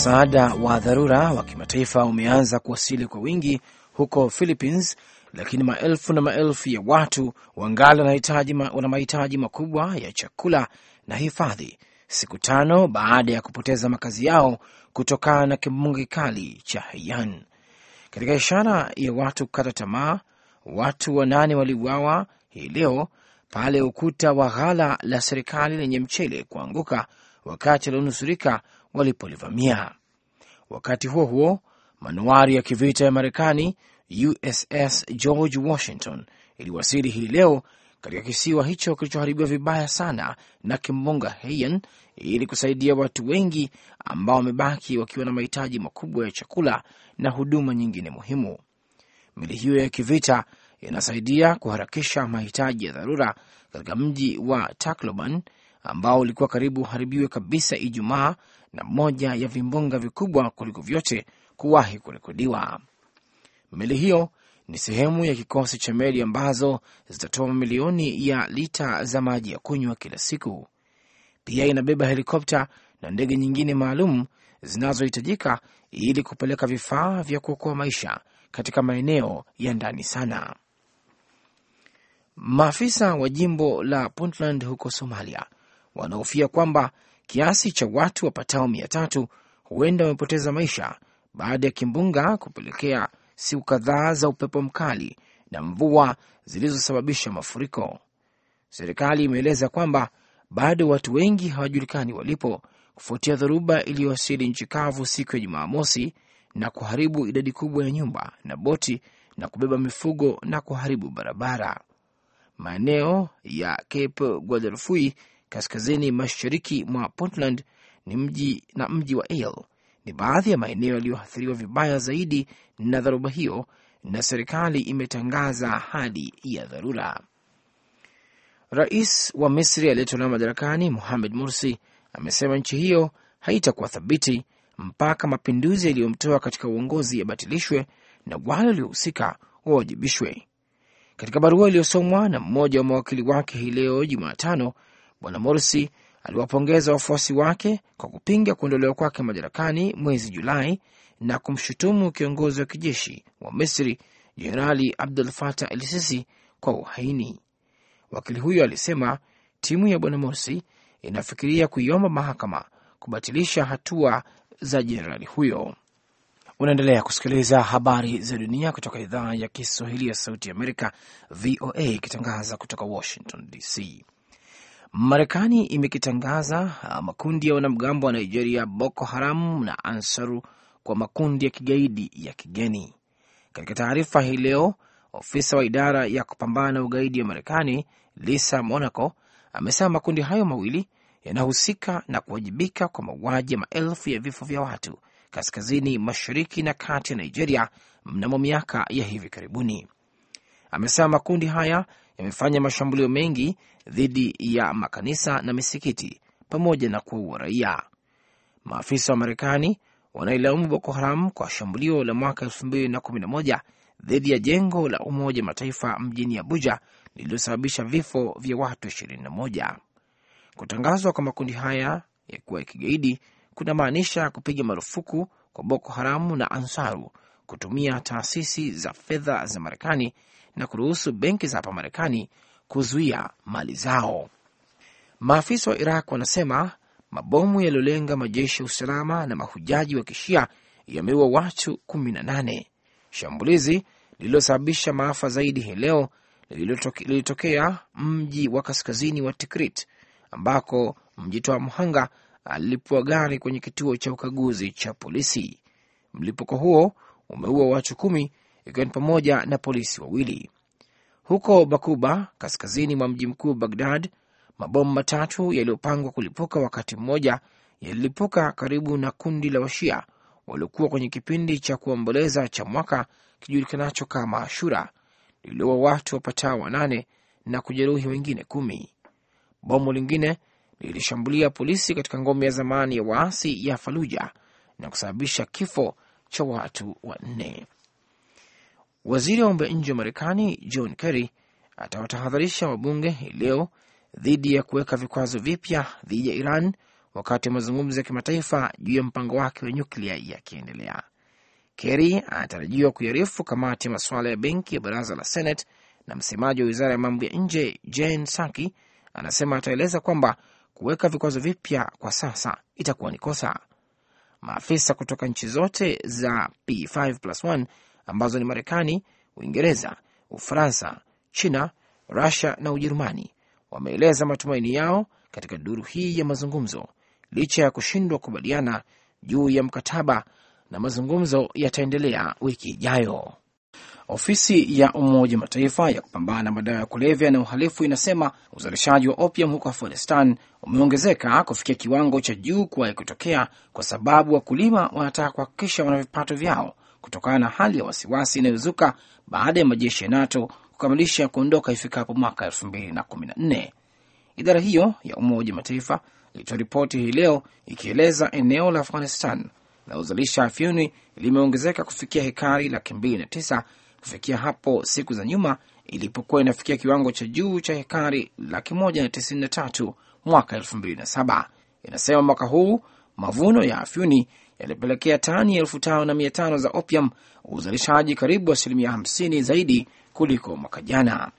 Msaada wa dharura wa kimataifa umeanza kuwasili kwa wingi huko Philippines, lakini maelfu na maelfu ya watu wangali wana mahitaji makubwa ya chakula na hifadhi, siku tano baada ya kupoteza makazi yao kutokana na kimbunga kikali cha Haiyan. Katika ishara ya watu kukata tamaa, watu wanane waliuawa hii leo pale ukuta wa ghala la serikali lenye mchele kuanguka wakati walionusurika walipolivamia. Wakati huo huo, manuari ya kivita ya Marekani USS George Washington iliwasili hii leo katika kisiwa hicho kilichoharibiwa vibaya sana na kimbunga Haiyan ili kusaidia watu wengi ambao wamebaki wakiwa na mahitaji makubwa ya chakula na huduma nyingine muhimu. Meli hiyo ya kivita inasaidia kuharakisha mahitaji ya dharura katika mji wa Tacloban ambao ulikuwa karibu uharibiwe kabisa Ijumaa na moja ya vimbunga vikubwa kuliko vyote kuwahi kurekodiwa. Meli hiyo ni sehemu ya kikosi cha meli ambazo zitatoa mamilioni ya lita za maji ya kunywa kila siku. Pia inabeba helikopta na ndege nyingine maalum zinazohitajika ili kupeleka vifaa vya kuokoa maisha katika maeneo ya ndani sana. Maafisa wa jimbo la Puntland huko Somalia wanahofia kwamba kiasi cha watu wapatao mia tatu huenda wamepoteza maisha baada ya kimbunga kupelekea siku kadhaa za upepo mkali na mvua zilizosababisha mafuriko. Serikali imeeleza kwamba bado watu wengi hawajulikani walipo kufuatia dhoruba iliyowasili nchi kavu siku ya Jumamosi na kuharibu idadi kubwa ya nyumba na boti na kubeba mifugo na kuharibu barabara. Maeneo ya Cape Guadelfui kaskazini mashariki mwa Portland ni mji na mji wa Ale ni baadhi ya maeneo yaliyoathiriwa vibaya zaidi na dharuba hiyo, na serikali imetangaza hali ya dharura. Rais wa Misri aliyetolewa madarakani Mohamed mursi amesema nchi hiyo haitakuwa thabiti mpaka mapinduzi yaliyomtoa katika uongozi yabatilishwe na wale waliohusika wawajibishwe. Katika barua iliyosomwa na mmoja wa mawakili wake hii leo Jumatano, Bwana Morsi aliwapongeza wafuasi wake kwa kupinga kuondolewa kwake madarakani mwezi Julai na kumshutumu kiongozi wa kijeshi wa Misri Jenerali Abdul Fatah El Sisi kwa uhaini. Wakili huyo alisema timu ya Bwana Morsi inafikiria kuiomba mahakama kubatilisha hatua za jenerali huyo. Unaendelea kusikiliza habari za dunia kutoka idhaa ya Kiswahili ya Sauti ya Amerika, VOA, ikitangaza kutoka Washington DC. Marekani imekitangaza ah, makundi ya wanamgambo wa Nigeria, Boko Haram na Ansaru, kwa makundi ya kigaidi ya kigeni. Katika taarifa hii leo, ofisa wa idara ya kupambana na ugaidi ya Marekani Lisa Monaco amesema makundi hayo mawili yanahusika na kuwajibika kwa mauaji ya maelfu ya vifo vya watu kaskazini mashariki na kati ya Nigeria mnamo miaka ya hivi karibuni. Amesema makundi haya yamefanya mashambulio mengi dhidi ya makanisa na misikiti pamoja na kuwaua raia. Maafisa wa Marekani wanailaumu Boko Haram kwa shambulio la mwaka 211 dhidi ya jengo la Umoja Mataifa mjini Abuja lililosababisha vifo vya watu 21. Kutangazwa kwa makundi haya ya kuwa ya kigaidi kunamaanisha kupiga marufuku kwa Boko Haramu na Ansaru kutumia taasisi za fedha za Marekani na kuruhusu benki za hapa Marekani kuzuia mali zao. Maafisa wa Iraq wanasema mabomu yaliyolenga majeshi ya usalama na mahujaji wa kishia yameua watu 18. Shambulizi lililosababisha maafa zaidi hii leo lilitokea mji wa kaskazini wa Tikrit ambako mjitoa mhanga alilipua gari kwenye kituo cha ukaguzi cha polisi. Mlipuko huo umeua watu kumi ikiwa ni pamoja na polisi wawili. Huko Bakuba, kaskazini mwa mji mkuu Bagdad, mabomu matatu yaliyopangwa kulipuka wakati mmoja yalilipuka karibu na kundi la Washia waliokuwa kwenye kipindi cha kuomboleza cha mwaka kijulikanacho kama Ashura lililoua watu wapatao wanane na kujeruhi wengine kumi. Bomu lingine lilishambulia polisi katika ngome ya zamani ya waasi ya Faluja na kusababisha kifo cha watu wanne. Waziri wa mambo ya nje wa Marekani John Kerry atawatahadharisha wabunge hii leo dhidi ya kuweka vikwazo vipya dhidi ya Iran wakati wa mazungumzo ya kimataifa juu ya mpango wake wa nyuklia yakiendelea. Kerry anatarajiwa kuiarifu kamati ya masuala ya benki ya baraza la Senate, na msemaji wa wizara ya mambo ya nje Jen Psaki anasema ataeleza kwamba kuweka vikwazo vipya kwa sasa itakuwa ni kosa maafisa kutoka nchi zote za P5+1 ambazo ni Marekani, Uingereza, Ufaransa, China, Rusia na Ujerumani wameeleza matumaini yao katika duru hii ya mazungumzo licha ya kushindwa kukubaliana juu ya mkataba, na mazungumzo yataendelea wiki ijayo. Ofisi ya Umoja wa Mataifa ya kupambana na madawa ya kulevya na uhalifu inasema uzalishaji wa opium huko Afghanistan umeongezeka kufikia kiwango cha juu kuwahi kutokea, kwa sababu wakulima wanataka kuhakikisha wana vipato vyao kutokana na hali ya wasiwasi inayozuka baada ya majeshi ya NATO kukamilisha kuondoka ifikapo mwaka nne. Idara hiyo ya Umoja wa Mataifa ilitoa ripoti hii leo ikieleza eneo la Afghanistan la uzalisha afyuni limeongezeka kufikia hekari laki mbili na tisa kufikia hapo siku za nyuma ilipokuwa inafikia kiwango cha juu cha hekari laki moja na tisini na tatu mwaka elfu mbili na saba. Inasema mwaka huu mavuno ya afyuni yalipelekea tani elfu tano na mia tano za opium, uzalishaji karibu asilimia 50 zaidi kuliko mwaka jana.